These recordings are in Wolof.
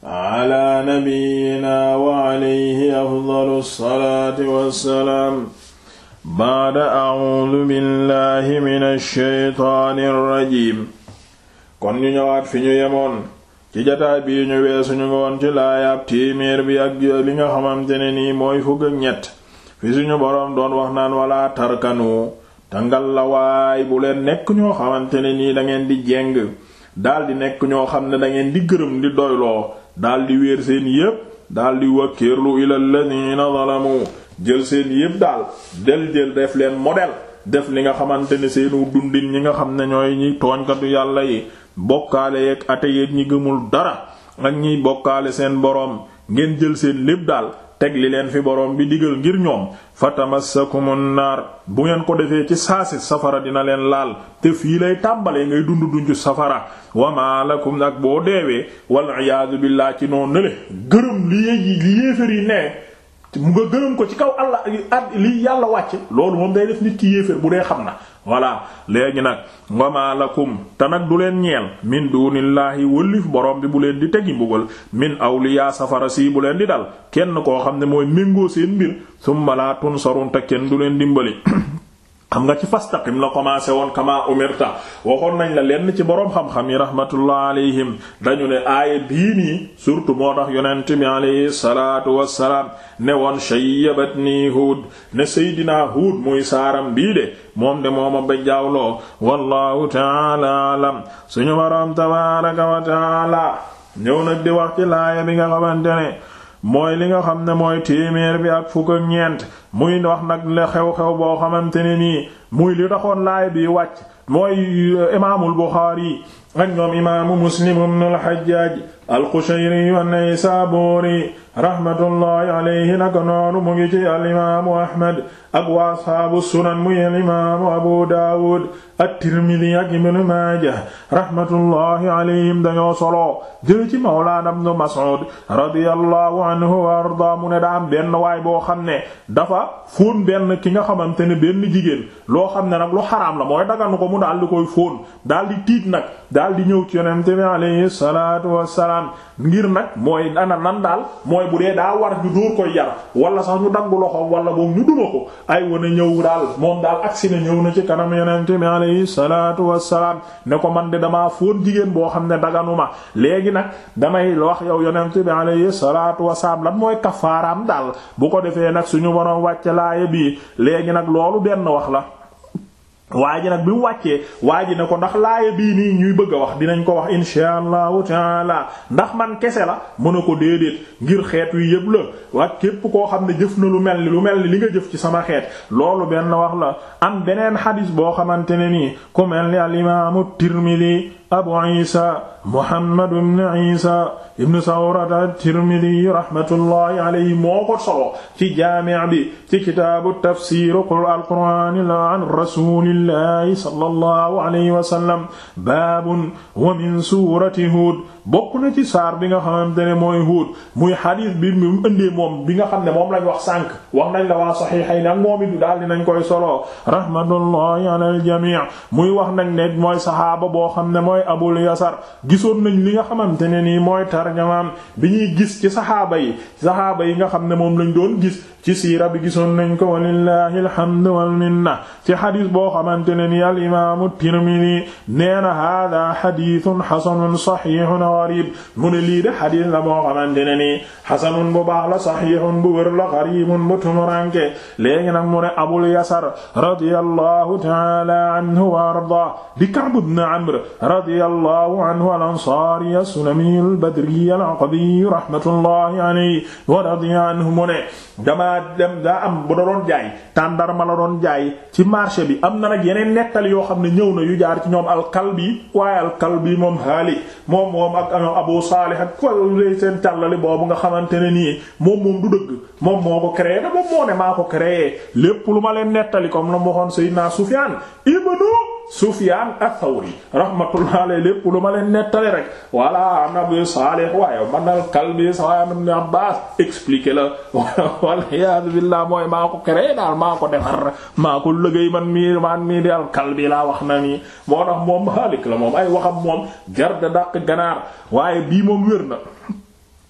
ala nabiyyina wa alayhi afdalu salaati wassalaam baada a'uudu billahi mina shaytaani rajiim kon ñu ñëwaat fi ñu yemoon ci jataay bi ñu weesu ñu nga woon ci laayaab téeméer bi ak li nga xamante ne mooy fukk ak ñett fi suñu boroom doon wax naan wala tarkanu tangal la waay bu leen nekk ñoo xamante ne nii da ngeen di jeng daldi nekk ñoo xam ne dangeen di gërëm di doyloo daldi wéer seen yépp daldi wakkirlu ila alladhina zalamu jël seen yépp daal del jël def leen modèle def li nga xamante ne seenu dundin ñi nga xam ne ñooy ñi tooñkatu yàlla yi bokkaale yeeg ate yeeg ñi gëmul dara ak ñiy bokkaale seen boroom ngeen jël seen lépp daal teg li leen fi borom bi digal ngir ñoom fa tamassakumun naar bu ngeen ko defee ci saasi safara dina leen laal te fii lay tàmbalee ngay dund dunju safara wama lakum nag boo deewee wal iyaadu billaah ci noonu le gërëm li yéefar yi ne mu nga gërëm ko ci kaw allah at li yàlla wàcc loolu moom day def nit ki yéeféer bu dee xam na voilà léegi nag wama lakum te nag du leen ñeel min dunillahi wëllif borom bi bu leen di tegi mbugal min awliya safara sii bu leen di dal kenn koo xam ne mooy méngoo seen mbir summa la tunsarun te kenn du leen dimbali xam nga ci fastaqim la commencé woon kama umirta waxoon nañ la lenn ci boroom xam-xam yi rahmatullah alayhim dañu ne aaya bii nii surtout moo tax yonent bi wassalaam ne woon shayyabat nii huud ne seydinaa huud muy saaram bii de moom de mooma ba jaawloo wallahu taala alam suñu boroom tabaraka wa taala ñëw nag di wax laaya bi nga xamante mooy li nga xam ne mooy téeméer bi ak fukk ñeent muy wax nag la xew-xew boo xamante ne nii muy li taxoon laay bi wàcc mooy euh, imaamul Buxaari ak ñoom imaamu Muslim ibn al-Hajjaj alqushayri an-naysaburi rahmatullahi alayhi naka noonu mu ngi ci alimaamu ahmad ak waa ashaabu sunan muy alimaamu abu daawud at-tirmidi ak ibnu maaja rahmatullahi alayhim dañoo solo jël ci mawlaana ibnu mas'ud radiyallahu anhu wa arda mu ne da am benn waay boo xam ne dafa fóon benn ki nga xamante ne benn jigéen loo xam ne nag lu xaraam la mooy daganu ko mu daal di koy fóon daal di tiit nag daal di ñëw ci yonente bi alayhi salaatu wassalaam imaam ngir nag mooy ana nan daal mooy bu dee daa war ñu dóor koy yar wala sax ñu dagg loxoom wala boog ñu duma ko ay wane ñëw daal moom daal agsi na ñëw na ci kanam yonent bi alayhi salaatu ne ko man de dama fóon jigéen boo xam ne daganuma léegi nag damay wax yow yonent bi alayhi salaatu wassalaam lan mooy kafaaraam daal bu ko defee nag suñu waroon wàcc laaye bii léegi nag loolu benn wax la waa ji nag bi mu wàccee waa ji ne ko ndax laaya bii nii ñuy bëgg a wax dinañ ko wax insha allahu taala ndax man kese la mu ne ko déedéet ngir xeet wi yëpp la waa képp koo xam ne jëf na lu mel ni lu mel ni li nga jëf ci sama xeet loolu benn wax la am beneen xadis boo xamante ne nii ku mel ni al imaamu abu isa muhammad ibn isa ibn sawrata at-tirmidhi rahmatullahi alayhi moo ko solo ci jaami' bi ci kitaabu tafsir al-qur'an an rasulillahi sallallahu alayhi wa sallam baabun wa min surati hud bokk na ci saar bi nga xamante ne mooy hud muy xadiis bi mu ëndee moom bi nga xam ne moom lañ wax sànq wax nañ la waa saxiixayn ak moom it daal dinañ koy solo rahmatullahi ala al-jami' muy wax nañ ne mooy saxaaba boo xam ne mooy mooy abul yasar gisoon nañ li nga xamante ne nii mooy tarjamaam bi ñuy gis ci saxaaba yi saxaaba yi nga xam ne moom lañ doon gis ci siira bi gisoon nañ ko walillahi alhamdu wal minna ci xadis boo xamante ne nii al imaamu tirmidi nee na hada xaditun xasanun saxihun garib mu ne lii de xadis la boo xamante ne nii xasanun bu baax la saxihun bu wër la garibun bu tumuranke léegi nag mu ne abul yasar radiyallahu ta'ala anhu wa arda di Ka'b ibn Amr radiyallahu anhu al-ansaari as-sulami al-badri al-aqdi rahmatullahi alayhi wa radiya anhu mu ne damaa dem daa am bu da doon jaay tàndar ma la doon jaay ci marché bi am na nag yeneen nettali yoo xam ne ñëw na yu jaar ci ñoom al-Kalbi waaye al-Kalbi moom haali moom moom ak Abu Salih ak wàllu seen tallali boobu nga xamante ne nii moom moom du dëgg moom moo ko créé da moom moo ne maa ko créé lépp lu ma leen nettali comme la mu waxoon Seydina Sufyaan ibnu Sufyaan ath-Thawri rahmatullah alayhi lépp lu ma leen nettali rek voilà am na Abu Saalih waaye man al-Kalbi salam ibn Abbaas expliqué la wal billah mooy maa ko créé daal maa ko defar man mii al-Kalbi laa wax na nii moo moom haalik la moom ay waxam moom jar da ganaar waaye bii moom wér na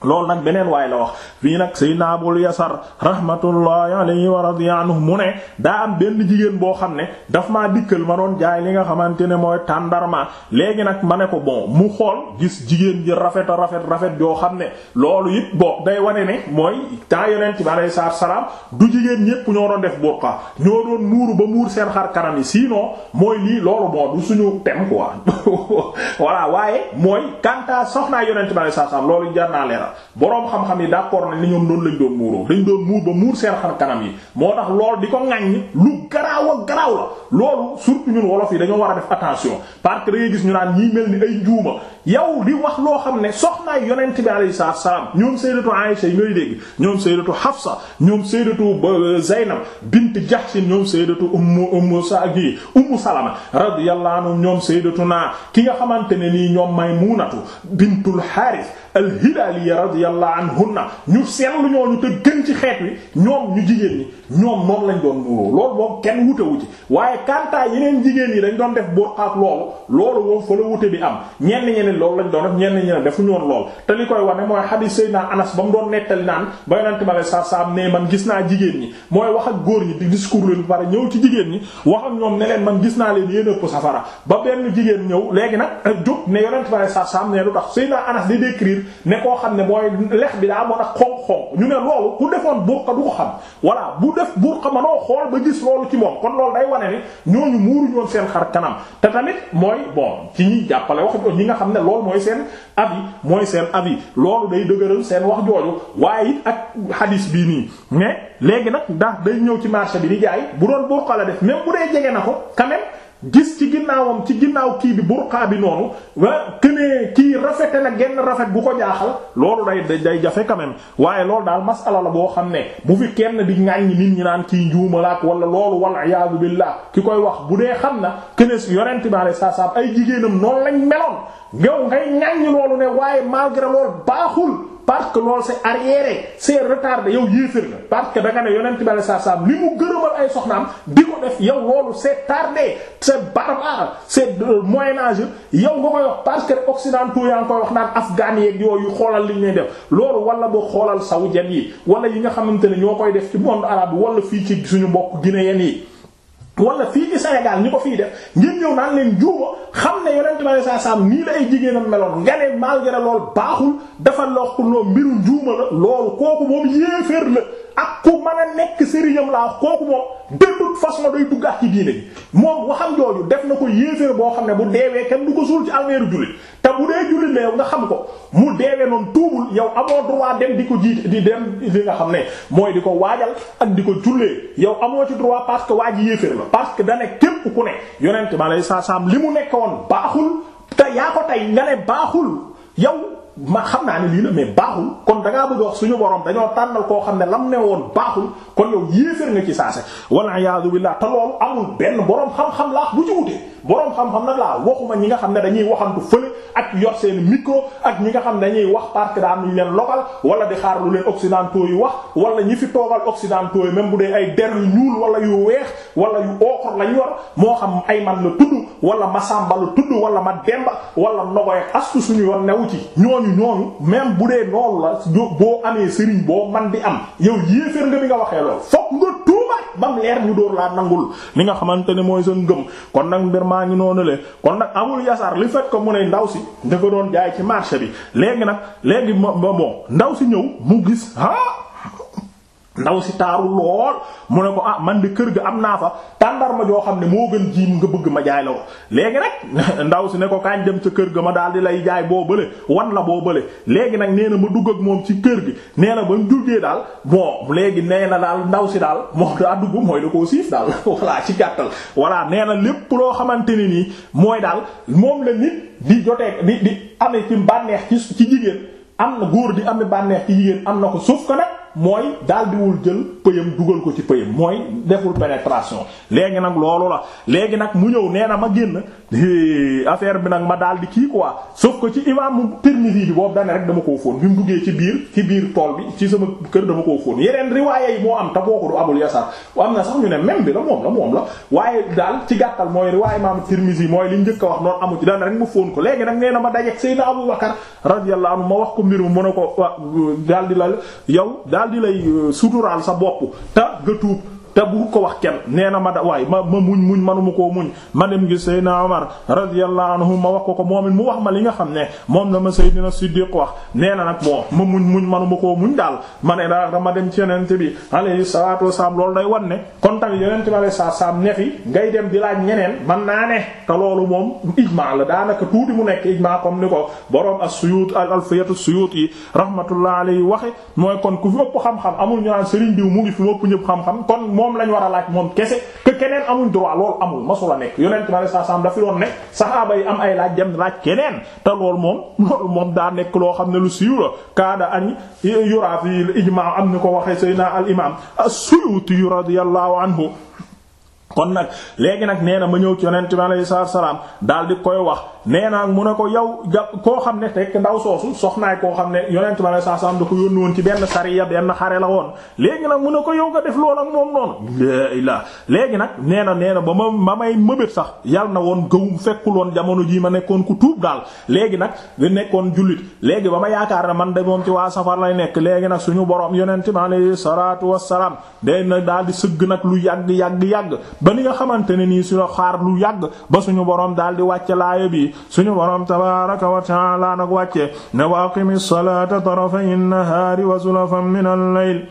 loolu nag beneen waay la wax fii nag Seydina Abul Yasar rahmatullahi alayhi wa radiya anhu mu ne daa am benn jigéen boo xam ne dafa ma dikkal ma doon jaay li nga xamante ne mooy tàndarma léegi nag ma ne ko bon mu xool gis jigéen ji rafet rafet rafet yoo xam ne loolu it bo day wane ne mooy temps yonent bi alayhi salaatu salaam du jigéen ñépp ñoo doon def burqa ñoo doon ba muur seen xar kanam yi sinon mooy loolu moo suñu thème quoi voilà waaye mooy kanta soxnaa yonent bi loolu naa leeral la boroom xam-xam yi d'accord nañ ni ñoom noonu lañ doon muuroo dañ doon muur ba muur seen xar kanam yi moo tax lool di ko ŋaññi lu garaaw ak garaaw la loolu surtout ñun wolof yi dañoo war a def attention parce que da gis ñu naan ñii mel ni ay njuuma yow di wax loo xam ne soxnaay yonent bi alayhi salaatu salaam ñoom sayyidatu Aisha yi ngay dégg ñoom sayyidatu Hafsa ñoom sayyidatu euh, Zaynab bint Jahsh ñoom sayyidatu ummu ummu Sa'di ummu Salama radiyallahu anhum ñoom naa ki nga xamante ne nii ñoom Maymunatu bintul Harith al-Hilaliya radiyallahu anhunna ñu seetlu ñooñu te gën ci xeet wi ñoom ñu jigéen ñi ñoom moom lañ doon muuroo loolu moom kenn wutewu ci waaye kantaa yeneen jigéen yi dañ doon def boo ak loolu loolu bi am loolu lañ doon def ñenn ñi ne defuñu woon lool te li koy wane mooy xadiis Seydina Anas ba mu doon nettali naan ba yonent ma lay saa saam ne man gis naa jigéen ñi mooy wax ak góor ñi di discours leen pare ñëw ci jigéen ñi wax ñoom ne leen man gis naa leen yéen ëpp safara ba jigéen ñëw léegi nag euh, jóg ne yonent ma lay saa saam ne lu tax Seydina Anas di décrire koo xam ne mooy lex bi daa moo tax xonq-xonq ñu ne loolu ku defoon burqa du ko xam voilà bu def burqa manoo xool ba gis loolu ci moom kon loolu day wane ni ñooñu muuru ñoon seen xar kanam te tamit mooy bon ci ñi jàppale wax ñi nga xam lool mooy seen avis mooy seen avis loolu day dëgëral seen wax jooju waaye it ak hadis bii nii mais léegi nag ndax day ñëw ci marché bi di jaay bu doon boo xala def même bu dee jege na ko quand gis ci ginnaawam ci ginnaaw kii bi burqaa bi noonu wa kënee kii rafete na genn rafet bu ko jaaxal loolu day day jafe quand même waaye loolu daal masala la boo xam ne bu fi kenn di ŋàññi nit ñi naan kii njuumalaak wala loolu wal iyaadu billah ki koy wax bu dee xam na këne yonent bi alayhi salaam ay jigéenam noonu lañ meloon ngaw ngay ŋàññi loolu ne waaye malgré loolu baaxul parce que loolu c'est arriéré c'est retardé yow yéefér na parce que da nga ne yonent bi alei satu salaam li mu gërëmal ay soxnaam di ko def yow loolu c'est tardé c'est barbare c'est euh, moyen âge yow nga koy wax parce que occidentaux yaa ngi koy wax naan afghan yeeg yooyu xoolal li ñu def loolu wala boo xoolal saoudiens yi wala yi nga xamante ne ñoo koy def ci monde arab wala fii ci suñu mbokk guinéen yi wala fii ci Sénégal ñu ko fii def ngeen ñëw naan leen juuma xam ne yonent bi saa saam nii la ay jigéenam meloon nga ne malgré loolu baaxul dafa lokk loo mbiru njuuma la loolu kooku moom yéeféer la ak ku mën a nekk sëriñam laa kooku moom de toute façon day duggaat ci diine bi moom waxam jooju def na ko yéeféer boo xam ne bu deewee kenn du ko suul ci almeeru jullit te bu dee jullit la yow nga xam ko mu deewee noonu tuubul yow amoo droit dem di ko jiite di dem li nga xam ne mooy di ko waajal ak di ko jullee yow amoo ci droit parce que waa ji yéeféer la parce que da ne képp ku ne yonent bi saa saam noonu baaxul te yaa ko tey nga baaxul yow ma xam naa ne lii la mais baaxul kon da ngaa bëgg wax suñu borom dañoo tànnal koo xam ne lam ne woon baaxul kon yow yéeféer nga ci saase walla iyaadu billaah te loolu amul benn boroom xam-xam laax bu ci boroom xam-xam nag laa waxuma ñi nga xam ne dañuy waxantu fële ak yor seen micro ak ñi nga xam ne dañuy wax parce que daan leen local wala di xaar lu leen occidentaux yi wax wala ñi fi toogal occidentaux yi même bu dee ay der yu ñuul wala yu weex wala yu ookor lañ yor moo xam ay man la tudd wala ma sàmba la tudd wala ma demba wala nogoy ak suñu yoon newu ci ñooñu ñooñu même bu dee noonu la boo amee sëriñ boo man di am yow yéeféer nga bi waxee lool nga am leer ñu dóor laa nangul li nga xamante ne mooy seen gëm kon nag mbir maa ngi noonu le kon nag amul yasaar li fekk ko mu ne ndaw si dafa doon jaay ci marché bi léegi nag léegi ba bon ndaw si ñëw mu gis ah ndaw si taaru lool mu ne ko ah man de kër gi am naa fa tàndarma joo xam ne moo gën jiim nga bëgg ma jaay la ko léegi nag ndaw si ne ko kañ dem ca kër ga ma daal di lay jaay boo bële wan la boo bële léegi nag nee na ma dugg ak moom ci kër gi nee na ba mu duggee daal bon léegi nee na daal ndaw si daal moom daa dugg mooy da koo siif daal voilà ci gàttal voilà nee na lépp loo xamante ne nii mooy daal moom la nit di jotee di di amee ci bànneex ci ci jigéen am na góor di amee bànneex ci jigéen am na ko suuf mooy daal diwul jël pëyam dugal ko ci pëyam mooy deful pénétration léegi nag loolu la léegi nag mu ñëw nee na ma génn affaire bi nag ma daal di kii quoi sauf que ci imaamu Tirmidhi bi boobu dane rek dama koo fóon bi mu duggee ci biir ci biir tool ci sama kër dama koo fóon yeneen riwaaya yi moo boo ko du abul yasar am na sax ñu ne même bi la moom la moom la waaye daal ci gàttal mooy riwaaya imaamu Tirmidhi mooy li njëkk wax noonu amu ci dane rek ma fóon léegi nag nee na ma dajeek Seydina Abu Bakar radiyallahu anhu ma wax ko mbir mu mën a ko daal di la yow daal di lay euh, suturaal sa bopp te nga te bu ko wax kenn nee na ma da waaye ma ma muñ muñ manuma koo muñ ma dem gi Seydina Omar radiyallahu anhu ma wax ko ko moom it mu ma li nga xam ne moom la ma Seydina Siddiq wax nee na nag bon ma muñ muñ manuma koo muñ daal ma ne daal dama dem ci yonent bi alayhi salaatu wasalaam loolu day wan ne kon tamit yonent bi alayhi salaatu wasalaam ne fi ngay dem di laaj man naa ne te loolu moom ijmaa la daanaka tuuti mu nekk ijmaa comme ni ko boroom as-Suyuti al-Alfiyatu as-Suyuti rahmatullahi alayhi waxe mooy kon ku fi ëpp xam-xam amul ñu naan Serigne diw mu ngi fi ëpp ñëpp xam-xam kon moom lañ war a laaj moom kese que keneen amuñ droit loolu amul masula nekk yonent ma saa saam dafa doon ne saxaaba yi am ay laaj dem laaj keneen te loolu moom loolu moom daa nekk loo xam ne lu siiw la kaada an yura fi ijmaa am ni ko waxee sayna al imam as-Suyuti radiyallahu anhu kon nag léegi nag nee na ma ñëw ci yonent bi alayhi salaatu salaam daal di koy wax nee naa mu ne ko yow ja koo xam ne te ndaw soosu soxnaay koo xam ne yonent bi alayhi salaatu salaam da ko yónni woon ci benn sariya benn xare la woon léegi nag mu ne ko yow nga def moom noonu la léegi nag nee na nee na ba ma ma may sax yal na woon gëwum fekkul woon jamono ji ma nekkoon ku tuub daal léegi nag nga nekkoon jullit léegi ba ma yaakaar ne man de moom ci waa safar lay nekk léegi nag suñu borom yonent bi alayhi salaatu wassalaam day na daal di sëgg nag lu yàgg yàgg yàgg ba ni nga xamante ne nii suñu xaar lu yàgg ba suñu borom daal di wàcce laaya bi suñu borom tabaaraka wa ta'aala nag wàcce ne wa aqimi salaata tarafay nnahaari wa zulafan min al-layl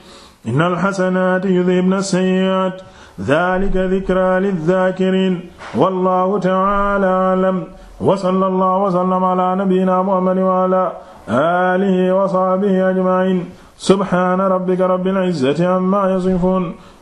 innal hasanaati yudhibna sayyi'aat dhaalika dhikraa lidh-dhaakiriin wallaahu ta'aala a'lam wa sallallaahu wa sallama alaa nabiyyinaa Muhammadin wa alaa aalihi wa sahbihi ajma'iin subhaana rabbika rabbil izzati ammaa yasifuun